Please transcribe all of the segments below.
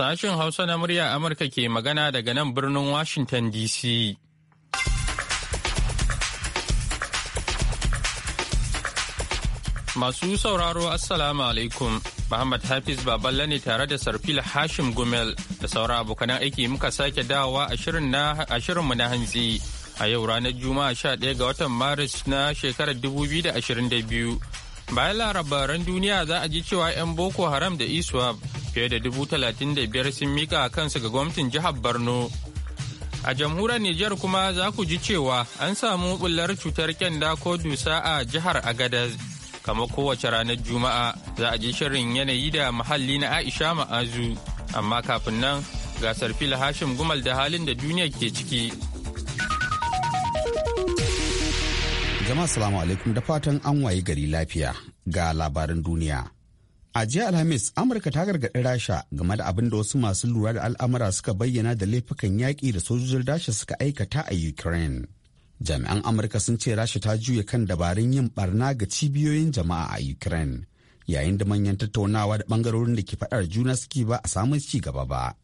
Sashen Hausa na murya Amurka ke magana daga nan birnin Washington DC. Masu sauraro Assalamu alaikum. Muhammad Hafiz Baballe ne tare da Sarfil Hashim Gumel da saura abokanan aiki muka sake dawowa a shirinmu na hantsi a yau ranar Juma'a 11 ga watan Maris na shekarar 2022. bayan larabaran duniya za a ji cewa 'yan boko haram da isuwa fiye da dubu talatin da biyar sun mika kansu ga gwamnatin jihar borno a jamhuriyar niger kuma za ku ji cewa an samu bullar cutar kyanda ko dusa a jihar agadez kamar kowace ranar juma'a za a ji shirin yanayi da muhalli na aisha ma'azu amma kafin nan gasar fil hashim gumal da halin da duniya ke ciki Jama'a salamu alaikum da fatan an wayi gari lafiya ga labaran duniya. A jiya Alhamis, Amurka ta gargaɗi Rasha game da abin da wasu masu lura da al'amura suka bayyana da laifukan yaƙi da sojojin Rasha suka aikata a Ukraine. Jami'an Amurka sun ce Rasha ta juya kan dabarun yin barna ga cibiyoyin jama'a a Ukraine, yayin da manyan tattaunawa da bangarorin da ke faɗar juna suke ba a samun ci gaba ba.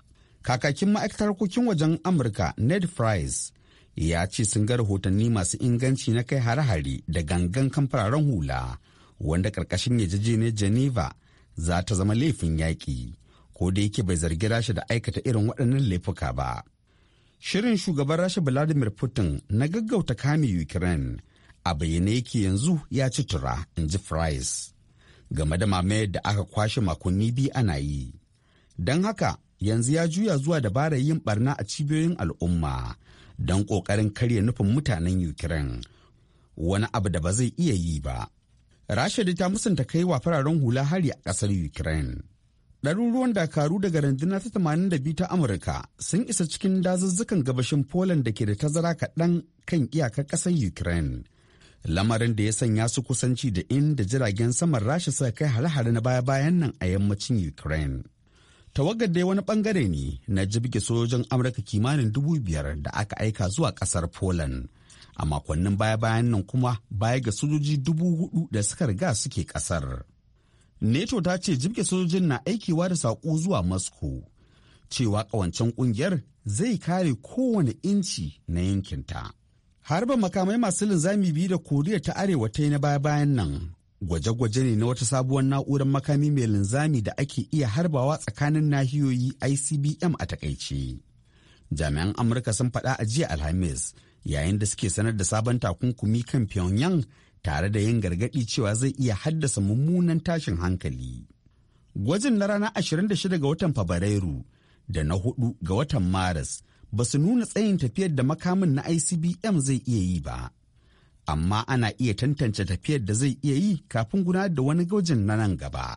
Kakakin ma'aikatar harkokin wajen Amurka Ned Price ya ce sun ga rahotanni masu inganci na kai hare-hare da gangan kan hula wanda karkashin yarjejeniyar geneva za ta zama laifin yaƙi ko da yake bai zargi rasha da aikata irin waɗannan laifuka ba shirin shugaban rasha vladimir putin na gaggauta kame ukraine a bayyane yake yanzu ya ci tura in ji price game da mamayar da aka kwashe makonni biyu ana yi don haka yanzu ya juya zuwa dabarar yin barna a cibiyoyin al'umma don ƙoƙarin karya nufin mutanen Ukraine wani abu da ba zai iya yi ba. Rasha ta musanta kai wa fararen hula hari a ƙasar Ukraine. Ɗaruruwan dakaru daga rundunar ta 82 ta Amurka sun isa cikin dazuzzukan gabashin Poland da ke da tazara kaɗan kan iyakar ƙasar Ukraine. Lamarin da ya sanya su kusanci da inda jiragen saman Rasha suka kai hare-hare na baya-bayan nan a yammacin Ukraine. tawagar dai wani bangare ne na jirgin sojojin amurka kimanin dubu biyar da aka aika zuwa kasar poland a makonnin baya-bayan nan kuma baya ga sojoji dubu hudu da suka riga suke kasar neto ta ce jirgin sojojin na aikewa da saƙo zuwa moscow cewa ƙawancen ƙungiyar zai kare kowane inci na yankinta harba makamai masu linzami biyu da koriya ta arewa ta yi na baya-bayan nan gwaje-gwaje ne na wata sabuwar na'urar makami mai linzami da ake iya harbawa tsakanin nahiyoyi icbm a takaice jami'an amurka sun faɗa a jiya alhamis yayin da suke sanar da sabon takunkumi kan pyongyang tare da yin gargaɗi cewa zai iya haddasa mummunan tashin hankali gwajin na ranar 26 ga watan fabrairu da na 4 ga watan maris ba su nuna tsayin tafiyar da makamin na icbm zai iya yi ba amma ana iya tantance tafiyar da zai iya yi kafin gudanar da wani gwajin na nan gaba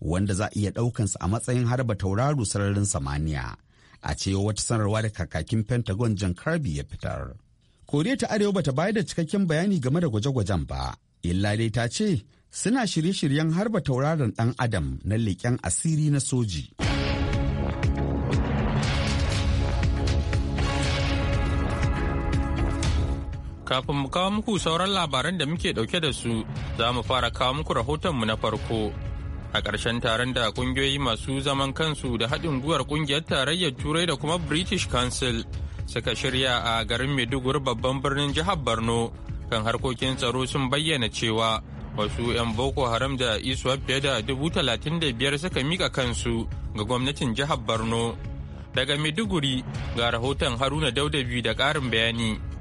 wanda za a iya ɗaukansa a matsayin harba tauraro sararin samaniya a cewa wata sanarwa da kakakin pentagon jan Karbi ya fitar koriya ta arewa bata bayar da cikakken bayani game da gwaje-gwajen ba illa dai ta ce suna shirye-shiryen harba tauraron dan adam na leƙen asiri na soji. Kafin mu kawo muku sauran labaran da muke ɗauke da su, za mu fara kawo muku rahoton mu na farko. A ƙarshen taron da ƙungiyoyi masu zaman kansu da haɗin gwiwar ƙungiyar tarayyar Turai da kuma British Council suka shirya a garin Maiduguri babban birnin jihar Borno kan harkokin tsaro sun bayyana cewa wasu 'yan Boko Haram da Iswa fiye da dubu talatin da biyar suka mika kansu ga gwamnatin jihar Borno. Daga Maiduguri ga rahoton Haruna Daudabi da ƙarin bayani.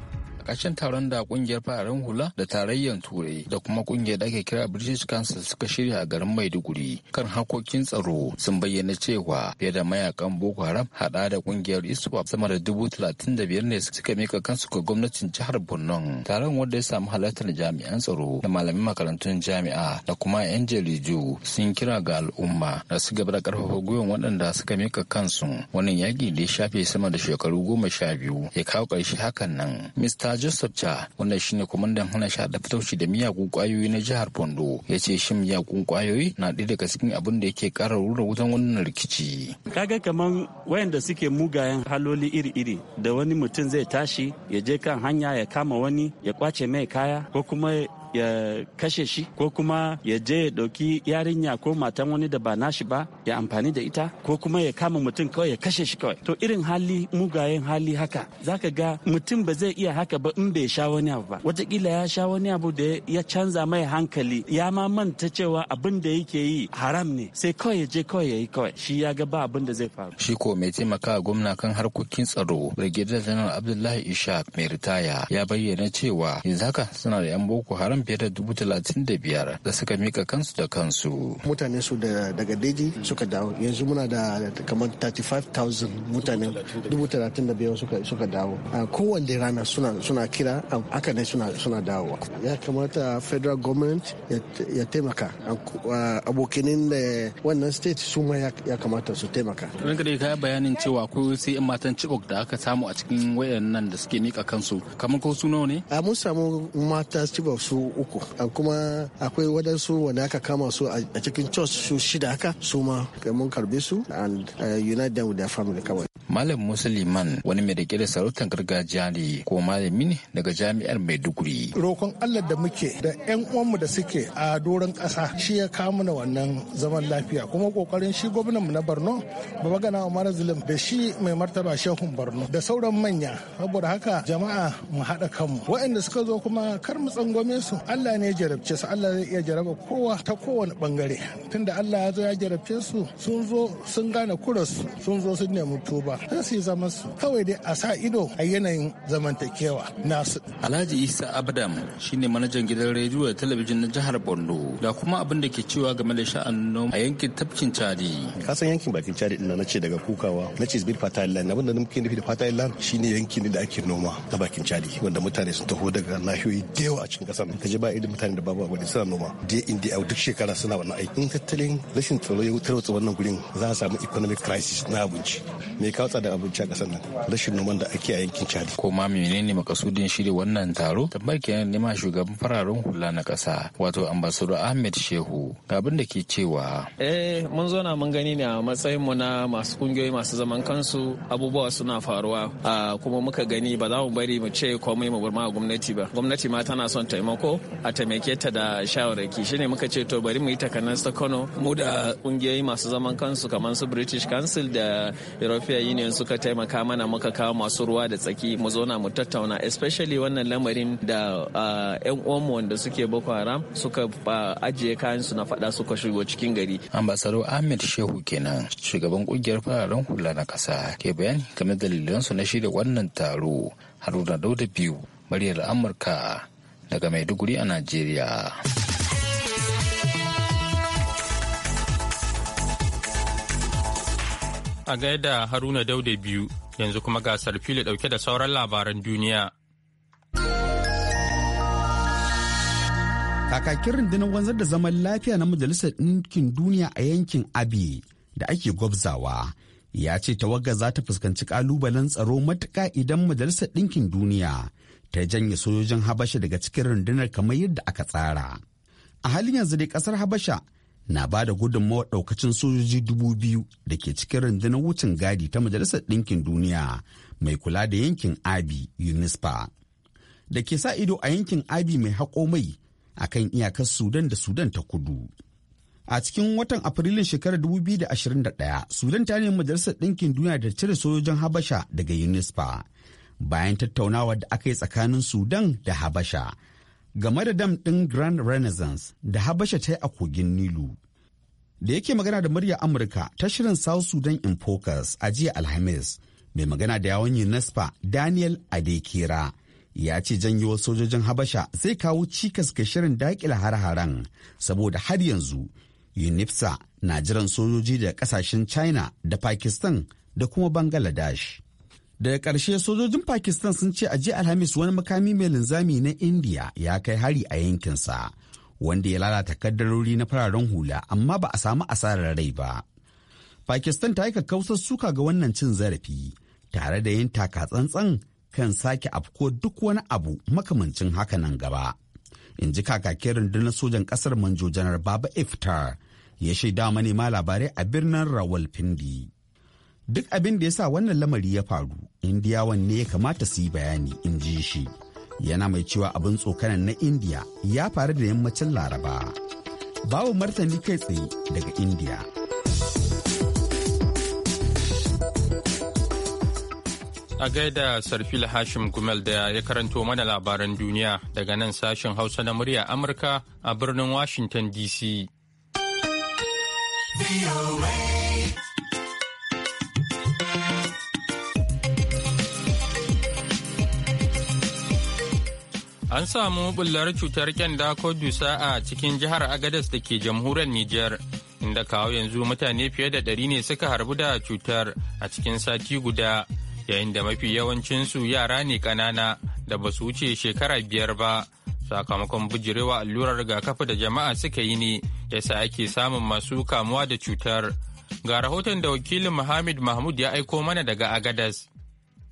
karkashin taron da kungiyar fararen hula da tarayyar turai da kuma ƙungiyar da ake kira british council suka shirya a garin maiduguri kan hakokin tsaro sun bayyana cewa fiye da mayakan boko haram hada da ƙungiyar iswap sama da dubu talatin da biyar ne suka mika kansu ga gwamnatin jihar borno taron wanda ya samu halartar jami'an tsaro da malamin makarantun jami'a da kuma 'yan jaridu sun kira ga al'umma da su gaba da karfafa gwiwan waɗanda suka mika kansu wannan yaƙi da ya shafe sama da shekaru goma sha biyu ya kawo ƙarshe hakan nan mr Joseph Cha wanda shine kwamandan hana shi da fitauci da miyagun kwayoyi na jihar Bondo ya ce shin miyagun kwayoyi na ɗaya daga cikin abin da yake ƙara rura wutan wannan rikici. Kaga kaman wayanda suke mugayen haloli iri-iri da wani mutum zai tashi ya je kan hanya ya kama wani ya kwace mai kaya ko kuma ya kashe shi ko kuma ya je ya ɗauki yarinya ko matan wani da ba nashi ba ya amfani da ita ko kuma ya kama mutum kawai ya kashe shi kawai to irin hali mugayen hali haka zaka ga mutum ba zai iya haka ba in bai sha wani abu ba watakila ya sha wani abu da ya canza mai hankali ya ma manta cewa abin da yake yi haram ne sai kawai ya je kawai ya yi kawai shi ya ga ba abin da zai faru shi ko mai taimaka gwamna kan harkokin tsaro brigadier general abdullahi ishaq mai ritaya ya bayyana cewa yanzu haka suna da yan boko haram mutum fiye da dubu talatin da biyar da suka mika kansu da kansu. Mutane su daga daji suka dawo yanzu muna da kamar 35,000 mutane dubu talatin da biyar suka dawo. Kowanne rana suna kira aka ne suna dawo. Ya kamata federal government ya taimaka abokinin da wannan state su ma ya kamata su taimaka. Ranka dai ka bayanin cewa ko sai 'yan matan Chibok da aka samu a cikin nan da suke mika kansu kamar ko su nawa ne? Mun samu mata Chibok su uku kuma akwai wadansu wanda aka kama su a cikin church su shida haka su ma mun karbe su and uh, unite them with their family kawai malam musulman wani mai rike da sarautar gargajiya ne ko malami ne daga jami'ar maiduguri rokon allah da muke da yan uwanmu da suke a doron ƙasa shi ya kawo na wannan zaman lafiya kuma kokarin shi gwamnan mu na borno magana wa Mara zulum da shi mai martaba shehun borno da sauran manya saboda haka jama'a mu haɗa kanmu waɗanda suka zo kuma kar mu tsangwame su Allah ne ya jarabce su Allah zai iya jaraba kowa ta kowane bangare tunda Allah ya zo ya jarabce su sun zo sun gane kuras sun zo sun nemi tuba sai su yi zaman su kawai dai a sa ido a yanayin zamantakewa nasu Alhaji Isa Abdam shine manajan gidan rediyo da talabijin na jihar Borno da kuma abin da ke cewa game da sha'an a yankin tafkin Chadi ka san yankin bakin Chadi din na ce daga kukawa na ce Zbir Fatah abin da muke nufi da Fatah Land shine yankin da ake noma na bakin Chadi wanda mutane sun taho daga nahiyoyi da yawa a cikin kasar je ba irin mutane da babu abin suna noma day in indi duk shekara suna wannan aiki in tattalin rashin tsaro ya wata wannan gurin za a samu economic crisis na abinci me kawo tsada abinci a kasar nan rashin noman da ake a yankin Chad ko ma menene makasudin shirin wannan taro tambayar ne nema shugaban fararen hula na kasa wato ambassador Ahmed Shehu ga abin da ke cewa eh mun zo na mun gani ne a matsayin mu na masu kungiyoyi masu zaman kansu abubuwa suna faruwa ah, kuma muka gani ba za mu bari mu ce komai mu ma gwamnati ba gwamnati ma tana son taimako a taimake ta da shawarwaki shine muka ce to bari mu yi sa kano mu da kungiyoyi masu zaman kansu kamar su british council da european union suka taimaka mana muka kawo masu ruwa da tsaki mu zo mu tattauna especially wannan lamarin da yan uwanmu wanda suke boko haram suka ajiye kayan su na fada suka shigo cikin gari ambassador ahmed shehu kenan shugaban kungiyar fararen hula na kasa ke bayani game da su na shirya wannan taro haruna dauda biyu muryar amurka daga Maiduguri a Najeriya. A gaida Haruna Dauda biyu yanzu kuma gasar fili dauke da sauran labaran duniya. Kakakin rundunar wanzar da zaman lafiya na Majalisar Ɗinkin Duniya a yankin Abi da ake gwabzawa ya ce tawaga za ta fuskanci kalubalen tsaro matuƙa idan Majalisar Ɗinkin Duniya ta janye sojojin habasha daga cikin rundunar kamar yadda aka tsara a halin yanzu dai kasar habasha na ba da gudunmawar daukacin sojoji dubu biyu da ke cikin rundunar wucin gadi ta majalisar ɗinkin duniya mai kula da yankin abi unispa da ke sa ido a yankin abi mai haƙo mai a kan iyakar sudan da sudan ta kudu a cikin watan afrilun shekarar 2021 sudan ta nemi majalisar ɗinkin duniya da cire sojojin habasha daga unispa bayan tattaunawa da aka yi tsakanin Sudan da Habasha game da dam ɗin Grand Renaissance da Habasha ta yi a kogin Nilu. Da yake magana da murya Amurka ta shirin South Sudan in Focus a jiya Alhamis, mai magana da yawon UNESCO Daniel Adekira ya ce janyo sojojin Habasha zai kawo cikas ga shirin daƙila har-haren saboda har yanzu UNIPSA na jiran sojoji daga kasashen China da Pakistan da kuma Bangladesh. daga ƙarshe sojojin pakistan sun ce ajiye alhamis wani makami mai linzami na india ya kai hari a yankinsa wanda ya lalata kaddarori na fararen hula amma ba a samu asarar rai ba pakistan ta yi kakkausar suka ga wannan cin zarafi tare da yin taka tsantsan kan sake afko duk wani abu makamancin haka nan gaba in ji kakakin rundunar sojan ƙasar manjo janar baba iftar ya shaida manema labarai a birnin rawalpindi. duk abin da ya sa wannan lamari ya faru indiyawan ne ya kamata su yi bayani in ji shi yana mai cewa abin tsokanan na indiya ya faru da yammacin laraba babu martani kai tsaye daga indiya a gaida sarfil hashim gumel da ya karanto mana labaran duniya daga nan sashen hausa na murya amurka a birnin washington dc An samu bullar cutar kyanda ko dusa a cikin jihar Agadas da ke jamhuriyar Nijar, inda kawo yanzu mutane fiye da ɗari ne suka harbu da cutar a cikin sati guda, yayin da mafi yawancinsu yara ne ƙanana da ba su wuce shekara biyar ba. Sakamakon bijirewa allurar rigakafi da jama'a suka yi ne, ya sa ake samun masu kamuwa da cutar. Ga rahoton da wakilin Muhammad Mahmud ya aiko mana daga Agadas.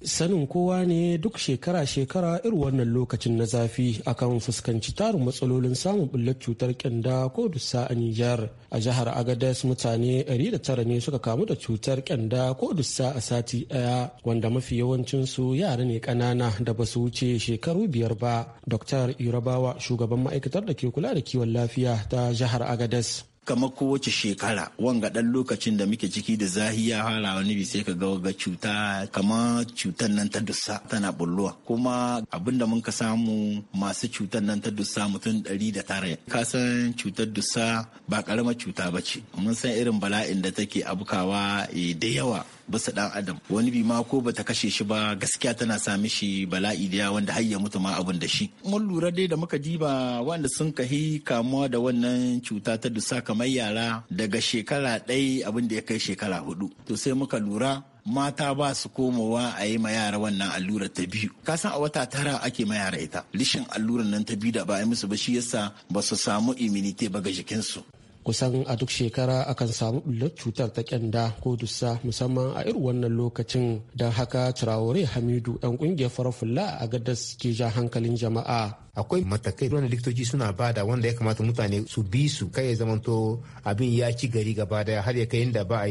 sanin kowa ne duk shekara-shekara irin wannan lokacin na zafi akan fuskanci tarin matsalolin samun bullar cutar kyanda ko dusa a Nijar. A jihar Agadez mutane 109 ne suka kamu da cutar kyanda ko dusa a sati daya wanda mafi yawancinsu yara ne ƙanana da ba su wuce shekaru biyar ba. Dr. Irabawa shugaban ma'aikatar da ke kula da kiwon lafiya ta jihar Agadez. kamar kowace shekara wanga dan lokacin da muke ciki da zahiya fara wani bi sai ka ga ga cuta kamar cutar nan ta dussa tana bulluwa kuma abinda mun ka samu masu cutar nan ta dussa mutum ɗari da tara ka san cutar dussa ba karamar cuta ba ce mun san irin bala'in da take abukawa eh, da yawa bisa dan adam wani bi ma ko bata kashe shi ba gaskiya tana sa mishi bala'i da wanda har ya mutu ma abun da shi mun lura dai da muka diba wanda sun kahi kamuwa da wannan cuta ta dusa kamar yara daga shekara ɗaya abin da ya kai shekara hudu to sai muka lura mata ba su komowa a yi ma yara wannan allurar ta biyu ka san a wata tara ake ma yara ita lishin allurar nan ta biyu da ba a yi musu ba shi yasa ba su samu immunity ba ga jikinsu kusan a duk shekara akan samu bullar cutar ta kyanda ko dussa musamman a irin wannan lokacin don haka traore hamidu 'yan kungiyar farar a gadas ke ja hankalin jama'a akwai matakai wanda likitoci suna bada wanda ya kamata mutane su bi su kai ya zamanto abin ya ci gari gaba daya har ya kai inda ba a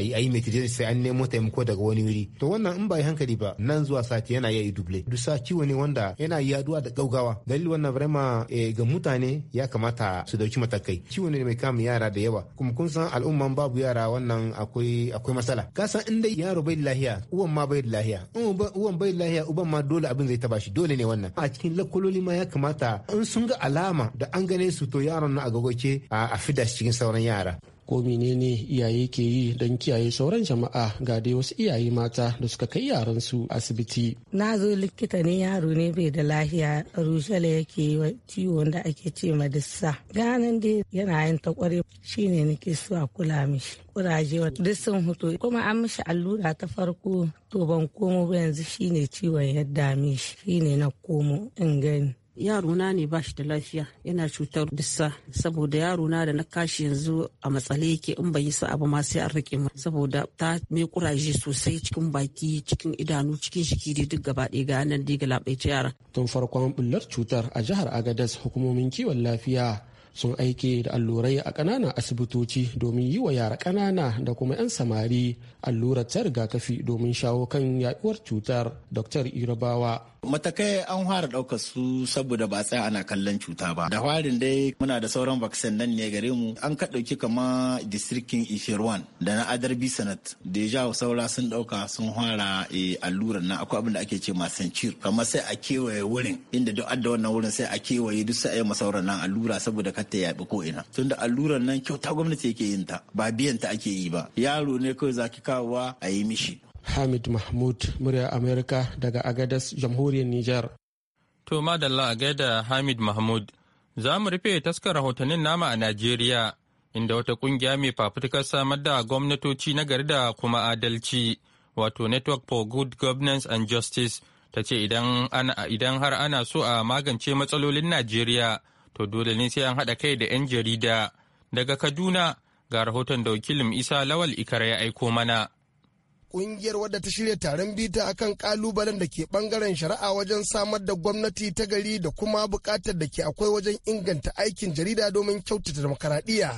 yi ayi mai sai an nemo taimako daga wani wuri to wannan in ba yi hankali ba nan zuwa sati yana yayi duble duk sa ciwo ne wanda yana yaduwa da gaugawa dalilin wannan vraiment ga mutane ya kamata su dauki matakai ciwo ne mai kama yara da yawa kuma kun san al'umman babu yara wannan akwai akwai matsala ka san in dai yaro bai lahiya uwan ma bai lahiya uwan bai lahiya uban ma dole abin zai taba shi dole ne wannan a cikin lakololi ma ya kamata in sun ga alama da an gane su to yaron na agogoke a fida cikin sauran yara ko menene iyaye ke yi don kiyaye sauran jama'a ga dai wasu iyaye mata da suka kai yaran su asibiti. Na zo likita ne yaro ne bai da lahiya rusala yake yi wa ciwo da ake ce ma dissa. Ganin dai yana yin ta kware shine nake so a kula mishi. Kuraje wa dissan hoto. kuma an mishi allura ta farko to ban komo ba yanzu shine ciwon ya dame shi shine na komo in gani. yarona ne ba shi da lafiya yana cutar dissa saboda yarona da na kashi yanzu a matsale yake in bai yi sa abu ma sai an rike mu saboda ta me kuraje sosai cikin baki cikin idanu cikin shiki da duk gaba ɗaya ga nan diga labaice yara tun farkon bullar cutar a jihar agadas hukumomin kiwon lafiya sun aike da allurai a ƙananan asibitoci domin yi wa yara ƙanana da kuma 'yan samari allurar ta rigakafi domin shawo kan yaduwar cutar dr irabawa matakai an fara ɗaukar su saboda ba tsaya ana kallon cuta ba da farin dai muna da sauran vaccin nan ne gare mu an ka ɗauki kama districtin ifirwan da na adar sanat. deja saura sun ɗauka sun fara eh, allurar nan akwai abin da ake ce masancir Kama sai a kewaye wurin inda duk adda wannan wurin sai a kewaye duk sai a yi masauran nan allura saboda kar ta yaɓi ko ina tunda allurar nan kyauta gwamnati yake yin ta ba biyan ta ake yi ba yaro ne kawai zaki kawowa a yi mishi Hamid Mahmud, murya Amerika daga Agadas, Jamhuriyar Nijar. To madalla a gaida Hamid Mahmud, za mu rufe taskar rahotannin nama a Najeriya, inda wata kungiya mai fafutukar samar da gwamnatoci na gari da kuma adalci, wato Network for Good Governance and Justice, ta ce idan har ana so a magance matsalolin Najeriya, to dole ne sai an haɗa kai da 'yan jarida. Daga Kaduna ga rahoton da wakilin Isa Lawal Ikara ya aiko mana. kungiyar wadda ta shirya taron bita akan kalubalen da ke bangaren shari'a wajen samar da gwamnati ta gari da kuma bukatar da ke akwai wajen inganta aikin jarida domin kyautata demokaradiyya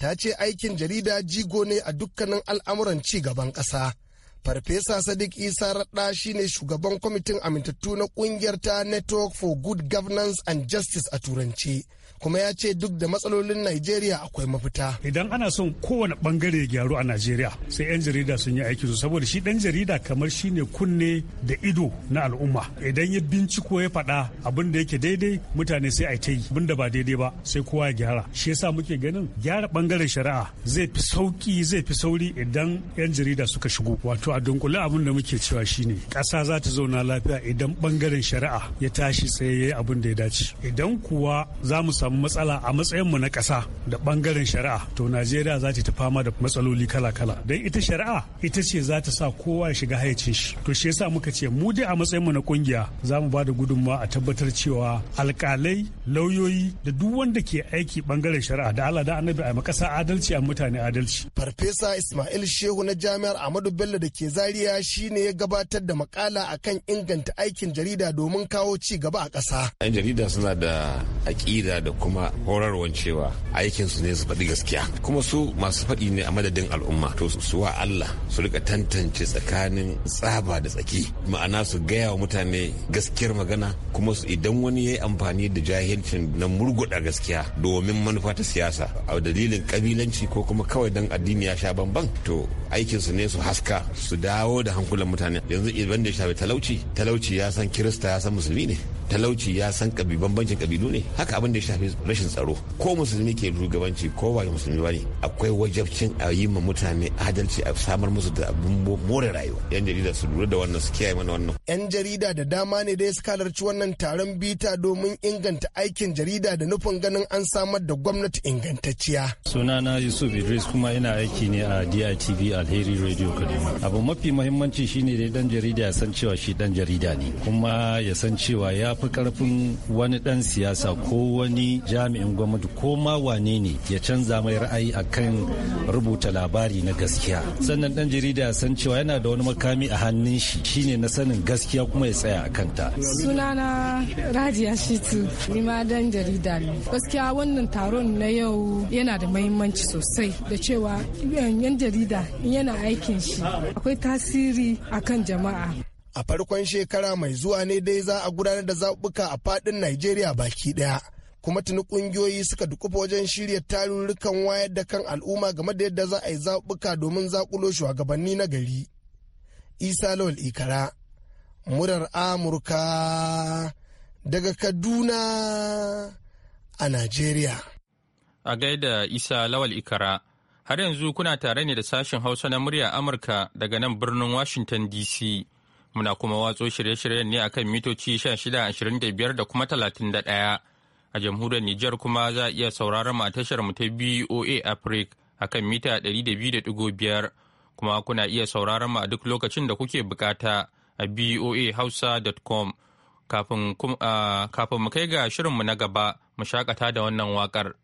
ta ce aikin jarida jigo ne a dukkanin al'amuran ci gaban ƙasa. Farfesa Sadiq Isa Radda shine shugaban kwamitin amintattu na kungiyar ta Network for Good Governance and Justice a Turanci. kuma ya ce duk da matsalolin Najeriya akwai mafita. Idan ana son kowane bangare ya gyaru a Najeriya sai 'yan jarida sun yi aiki su saboda shi dan jarida kamar shi ne kunne da ido na al'umma. Idan ya binciko ya faɗa abin da yake daidai mutane sai a ta yi abin da ba daidai ba sai kowa ya gyara. Shi yasa muke ganin gyara bangaren shari'a zai fi sauki zai fi sauri idan 'yan jarida suka shigo. Wato a dunkule abin da muke cewa shine ƙasa za ta zauna lafiya idan bangaren shari'a ya tashi tsaye ya yi abin da ya dace idan kuwa za mu samu matsala a matsayinmu na ƙasa da ɓangaren shari'a to najeriya za ta fama da matsaloli kala-kala don ita shari'a ita ce za ta sa kowa ya shiga hayacin shi to shi yasa muka ce mu dai a matsayinmu na kungiya za mu ba da gudunmawa a tabbatar cewa alkalai lauyoyi da duk wanda ke aiki ɓangaren shari'a da Allah da annabi a makasa adalci a mutane adalci farfesa ismail shehu na jami'ar amadu bello da ke ke Zaria shine ya gabatar da makala akan inganta aikin jarida domin kawo ci gaba a ƙasa. 'Yan jarida suna da aƙida da kuma horarwan cewa aikin ne su faɗi gaskiya. Kuma su masu faɗi ne a madadin al'umma to su wa Allah su rika tantance tsakanin tsaba da tsaki. Ma'ana su gaya wa mutane gaskiyar magana kuma su idan wani ya yi amfani da jahilcin na murguɗa gaskiya domin manufa ta siyasa a dalilin kabilanci ko kuma kawai dan addini ya sha bamban to aikinsu ne su haska su dawo da hankulan mutane yanzu idan da ya shafi talauci talauci ya san kirista ya san musulmi ne talauci ya san kabi bambancin kabilu ne haka abin da ya shafi rashin tsaro ko musulmi ke shugabanci ko ba musulmi ba ne akwai wajabcin a yi ma mutane adalci a samar musu da abin more rayuwa yan jarida su lura da wannan su kiyaye mana wannan yan jarida da dama ne dai suka halarci wannan taron bita domin inganta aikin jarida da nufin ganin an samar da gwamnati ingantacciya sunana yusuf idris kuma ina aiki ne a DITV alheri radio kaduna abin mafi mahimmanci shine dai dan jarida ya san cewa shi dan jarida ne kuma ya san cewa ya fi karfin wani dan siyasa ko wani jami'in gwamnati ko ma wane ne ya canza mai ra'ayi akan rubuta labari na gaskiya sannan dan jarida ya san cewa yana da wani makami a hannun shi shine na sanin gaskiya kuma ya tsaya a kanta sunana radiya shitu ni ma dan jarida ne gaskiya wannan taron na yau yana da mahimmanci sosai da cewa eh, yan jarida yana aikin shi akwai tasiri a kan jama'a a farkon shekara mai zuwa ne dai za a gudanar da zaɓuka a faɗin Najeriya baki ɗaya. Kuma tuni ƙungiyoyi suka dukufa wajen shirya tarurrukan wayar da kan al'umma game da yadda za a yi zaɓuka domin zaƙulo shugabanni na gari. Isa Lawal Ikara, murar Amurka daga Kaduna a Najeriya. A gaida Isa Lawal Ikara. Har yanzu kuna tare ne da sashen Hausa na murya Amurka daga nan birnin Washington DC. Muna kuma watso shirye-shiryen ne akan mitoci 1625 da kuma 31. A jamhuriyar Nijar kuma za a iya sauraron mu a tashar mu ta BOA Africa akan mita 200.5 kuma kuna iya sauraron mu a duk lokacin da kuke bukata a boa hausa.com ah, kafin mu kai ga shirinmu na gaba mu shakata da wannan wakar.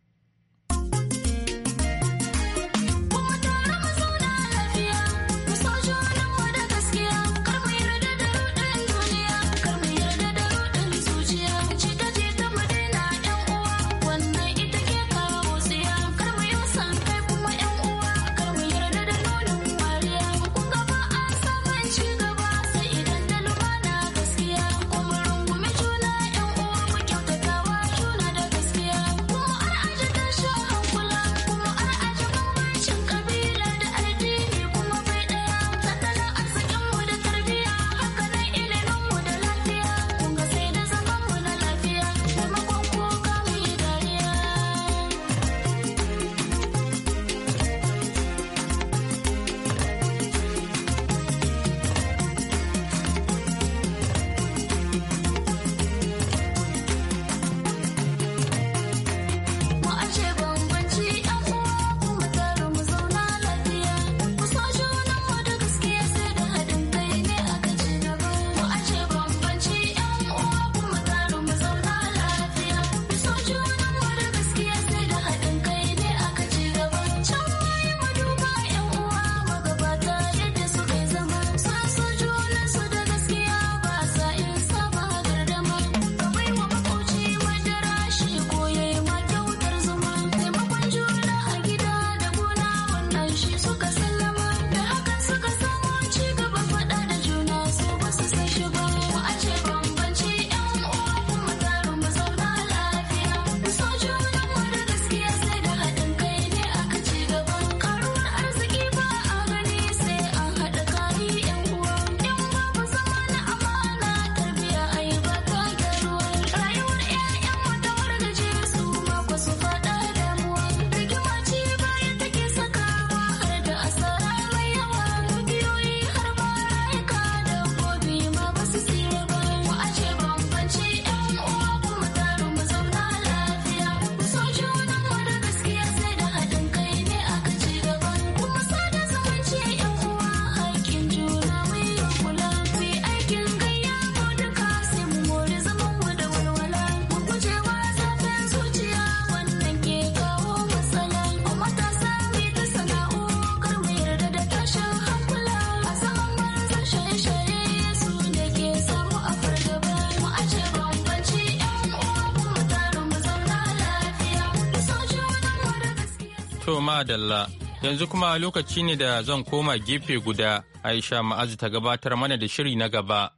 dalla yanzu kuma lokaci ne da zan koma gefe guda, Aisha Ma'azu ta gabatar mana da shiri na gaba.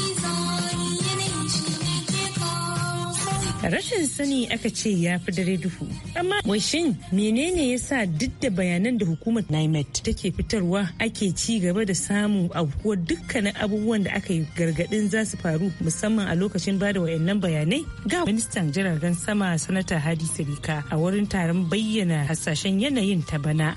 Rashin sani aka ce ya fi dare duhu. Amma washin menene ya sa duk da bayanan da hukumar NIMET take fitarwa ake ci gaba da samu aukuwar dukkanin abubuwan da aka yi gargadin za su faru musamman a lokacin ba da wayannan bayanai ga ministan jiragen sama sanata Hadi Sirika a wurin taron bayyana hasashen yanayin ta bana.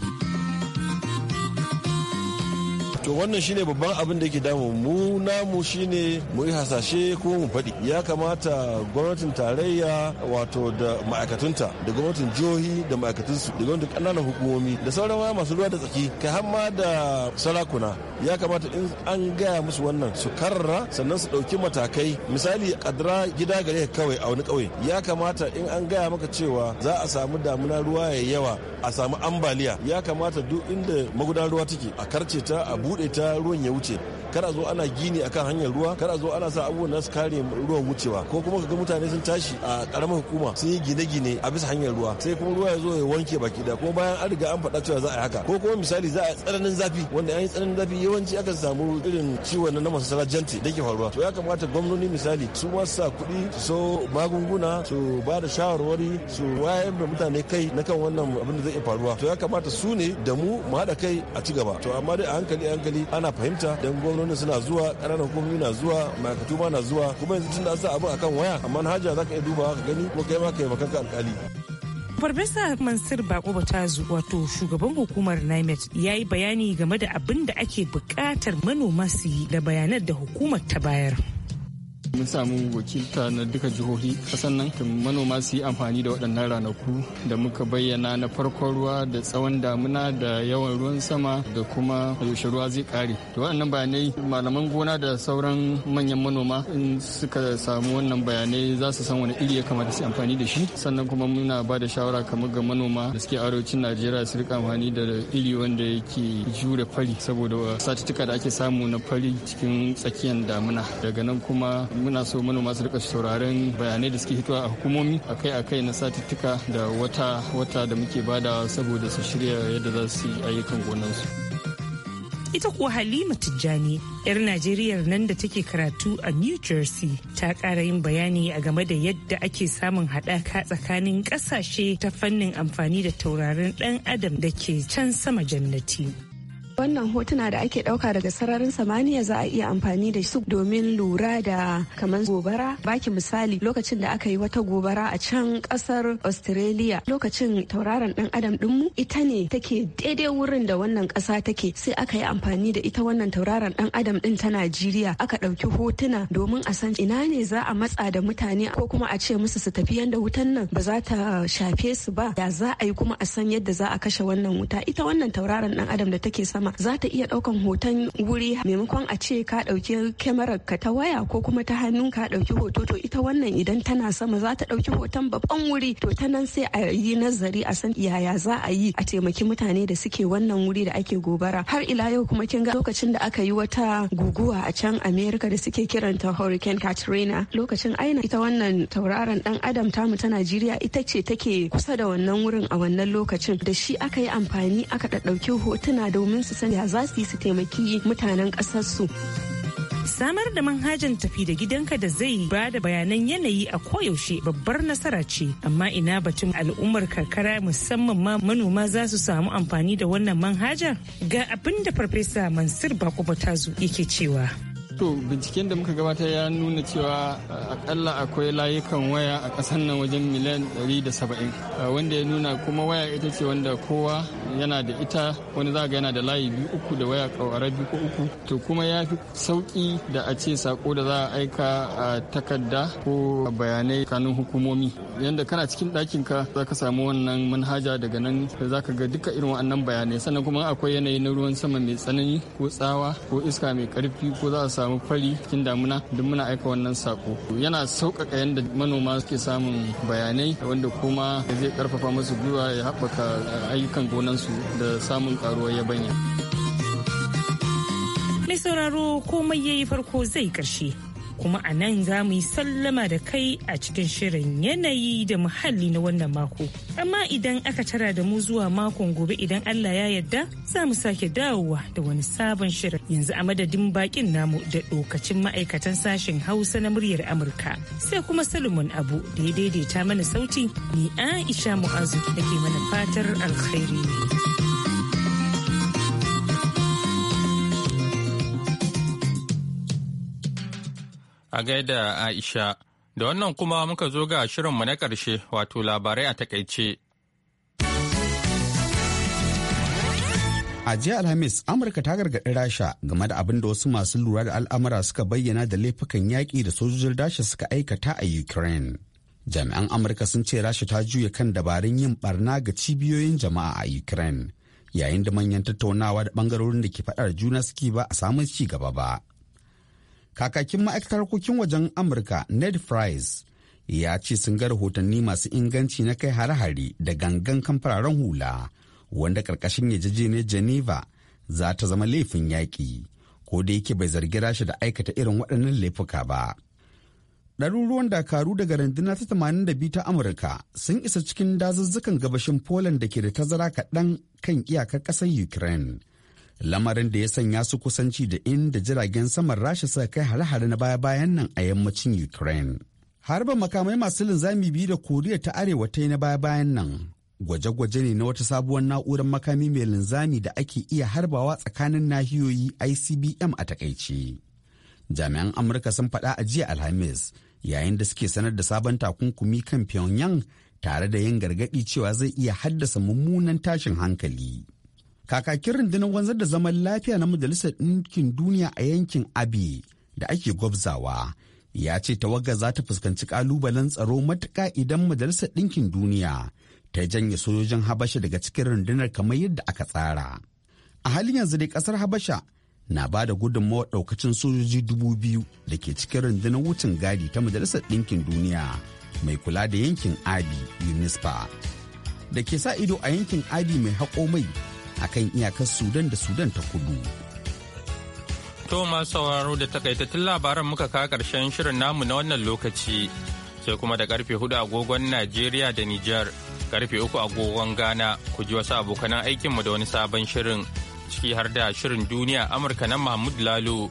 to wannan shine babban abin da yake damu mu namu shine mu yi hasashe ko mu faɗi ya kamata gwamnatin tarayya wato da ma'aikatunta da gwamnatin jihohi da ma'aikatunsu da gwamnatin ƙananan hukumomi da sauran masu ruwa da tsaki kai har ma da sarakuna ya kamata in an gaya musu wannan su karra sannan su ɗauki matakai misali kadra gida gare kawai a wani ƙauye ya kamata in an gaya maka cewa za a samu damuna ruwa ya yawa a samu ambaliya ya kamata duk inda magudan ruwa take a karce ta a bude ta ruwan ya wuce kada zo ana gini akan hanyar ruwa kada zo ana sa abubuwan nasu kare ruwan wucewa ko kuma ka ga mutane sun tashi a karamar hukuma sun yi gine-gine a bisa hanyar ruwa sai kuma ruwa ya zo ya wanke baki da kuma bayan an riga an faɗa cewa za a yi haka ko kuma misali za a yi tsananin zafi wanda an yi tsananin zafi yawanci akan samu irin ciwon na masasara jante da ke faruwa to ya kamata gwamnoni misali su ma sa kuɗi su so magunguna su ba da shawarwari su wayar da mutane kai na kan wannan abin da zai faruwa to ya kamata su ne da mu mu haɗa kai a ci gaba to amma dai a hankali a hankali ana fahimta dan gwamnoni suna zuwa ƙananan hukumomi na zuwa ma'aikatu ma na zuwa kuma yanzu tun da sa abin akan waya amma haja za ka iya dubawa ka gani ko kai ma ka yi makanka alƙali. Farfesa Mansur Bako Batazu wato shugaban hukumar NIMET ya yi bayani game da abin da ake bukatar manoma su yi da bayanan da hukumar ta bayar. mun samu wakilta na duka jihohi kasan nan manoma su yi amfani da waɗannan ranaku da muka bayyana na farkon ruwa da tsawon damuna da yawan ruwan sama da kuma yaushe ruwa zai kare da waɗannan bayanai malaman gona da sauran manyan manoma in suka samu wannan bayanai za su san wani iri ya kamata su amfani da shi sannan kuma muna ba da shawara kamar ga manoma da suke arewacin najeriya su rika amfani da iri wanda yake jure fari saboda satuttuka da ake samu na fari cikin tsakiyar damuna daga nan kuma muna so mana masu rika sauraron bayanai da suke hitowa a hukumomi akai-akai na satuttuka da wata-wata da muke badawa saboda su shirya yadda za su yi ayyukan gonansu. ita kuwa halima tijjani yar najeriya nan da take karatu a new jersey ta kara yin bayani a game da yadda ake samun haɗaka tsakanin ƙasashe ta fannin amfani da taurarin ɗan adam da ke can sama jannati Wannan hotuna da ake ɗauka daga sararin samaniya za a iya amfani da su domin lura da kamar gobara. Baki misali lokacin da aka yi wata gobara a can kasar Australia lokacin tauraron ɗan adam ɗinmu ita ne take daidai wurin da wannan kasa take sai aka yi amfani da ita wannan tauraron ɗan adam ɗin ta Najeriya aka ɗauki hotuna domin a san ina ne za a matsa da mutane ko kuma a ce musu su tafi yanda wutan nan ba za ta shafe su ba da za a yi kuma a san yadda za a kashe wannan wuta ita wannan tauraron ɗan adam da take sama sama za ta iya ɗaukan hoton wuri maimakon a ce ka ɗauki kyamarar ka ta waya ko kuma ta hannu ka ɗauki hoto to ita wannan idan tana sama za ta ɗauki hoton babban wuri to ta nan sai a yi nazari a san yaya za a yi a taimaki mutane da suke wannan wuri da ake gobara har ila yau kuma kin ga lokacin da aka yi wata guguwa a can America da suke kiranta Hurricane Katrina lokacin aina ita wannan tauraron dan adam tamu ta Najeriya ita ce take kusa da wannan wurin a wannan lokacin da shi aka yi amfani aka ɗauki hotuna domin su su sani za su yi su taimaki mutanen ƙasarsu. samar da manhajan tafi da gidanka da zai ba da bayanan yanayi a koyaushe babbar nasara ce amma ina batun al'ummar karkara musamman ma manoma za su samu amfani da wannan manhajar. ga abin da farfesa mansur ta zo yake cewa To binciken da muka gabata ya nuna cewa akalla akwai layukan waya a ƙasar nan wajen miliyan 170 wanda ya nuna kuma waya ita ce wanda kowa yana da ita wani za ga yana da layi biyu uku da waya kawara biyu ko uku to kuma ya fi sauki da a ce sako da za a aika a takarda ko bayanai kanun hukumomi yanda kana cikin ɗakin ka za ka samu wannan manhaja daga nan za ka ga duka irin wannan bayanai sannan kuma akwai yanayi na ruwan sama mai tsanani ko tsawa ko iska mai ƙarfi ko za a samu fari cikin damuna duk muna aika wannan sako yana sauƙaƙa yadda manoma suke samun bayanai wanda kuma zai ƙarfafa musu gwiwa ya haɓaka ayyukan gonansu da samun ƙaruwar yabanya. Mai sauraro komai yayi farko zai ƙarshe kuma a nan za mu yi sallama da kai a cikin shirin yanayi da muhalli na wannan mako. Amma idan aka tara da mu zuwa makon gobe idan Allah ya yarda za mu sake dawowa da wani sabon shirin yanzu a madadin bakin namu da dokacin ma'aikatan sashen Hausa na muryar Amurka. Sai kuma Solomon Abu da ya daidaita mana sauti ni Aisha Mu'azu da ke mana fatar alkhairi. A gaida Aisha, da wannan kuma muka zo ga shirinmu na ƙarshe wato labarai a takaice. A jiya Alhamis, Amurka ta gargaɗi Rasha game da abin da wasu masu lura da al'amura suka bayyana da laifukan yaƙi da sojojin Rasha suka aikata a Ukraine. Jami'an Amurka sun ce Rasha ta juya kan dabarun yin barna ga cibiyoyin jama'a a Ukraine, yayin da manyan tattaunawa da bangarorin da ke faɗar juna suke ba a samun ci gaba ba. kakakin ma'aikatar harkokin wajen amurka ned price ya ce sun ga rahotanni masu inganci na kai hare-hare da gangan kan hula wanda karkashin yarjejeniyar geneva za ta zama laifin yaƙi ko da yake bai zargi rasha da aikata irin waɗannan laifuka ba ɗaruruwan dakaru daga Randuna ta 82 ta amurka sun isa cikin dazuzzukan gabashin poland da ke da tazara kaɗan kan iyakar ƙasar ukraine lamarin da ya sanya su kusanci da inda jiragen saman rasha suka kai hare-hare na baya-bayan nan a yammacin ukraine harba makamai masu linzami biyu da koriya ta arewa ta yi na baya-bayan nan gwaje-gwaje ne na wata sabuwar na'urar makami mai linzami da ake iya harbawa tsakanin nahiyoyi icbm a takaice jami'an amurka sun faɗa a jiya alhamis yayin da suke sanar da sabon takunkumi kan pyongyang tare da yin gargaɗi cewa zai iya haddasa mummunan tashin hankali kakakin rundunar wanzar da zaman lafiya na majalisar ɗinkin duniya a yankin abi da ake gwabzawa ya ce tawaga za ta fuskanci kalubalen tsaro matuka idan majalisar ɗinkin duniya ta janye sojojin habasha daga cikin rundunar kamar yadda aka tsara a halin yanzu dai ƙasar habasha na ba da gudunmawar ɗaukacin sojoji dubu biyu da ke cikin rundunar wucin gadi ta majalisar ɗinkin duniya mai kula da yankin abi unispa da ke sa ido a yankin abi mai haƙo mai akan iyakar Sudan da Sudan ta kudu. To masu sauraro da takaitattun labaran muka kawo ƙarshen shirin namu na wannan lokaci sai kuma da karfe hudu agogon Najeriya da Nijar, karfe uku agogon Ghana ku ji wasu abokan aikinmu da wani sabon shirin ciki har da shirin duniya Amurka na Mahmud Lalo.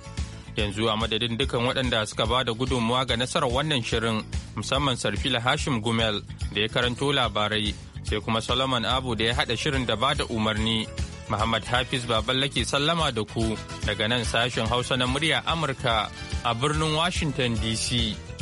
yanzu a madadin dukan waɗanda suka ba da gudunmuwa ga nasarar wannan shirin musamman sarfila hashim gumel da ya karanto labarai sai kuma Solomon Abu da ya haɗa shirin da ba da umarni. Muhammad Hafiz Baballe ke sallama da ku daga nan sashen Hausa na murya Amurka a birnin Washington DC.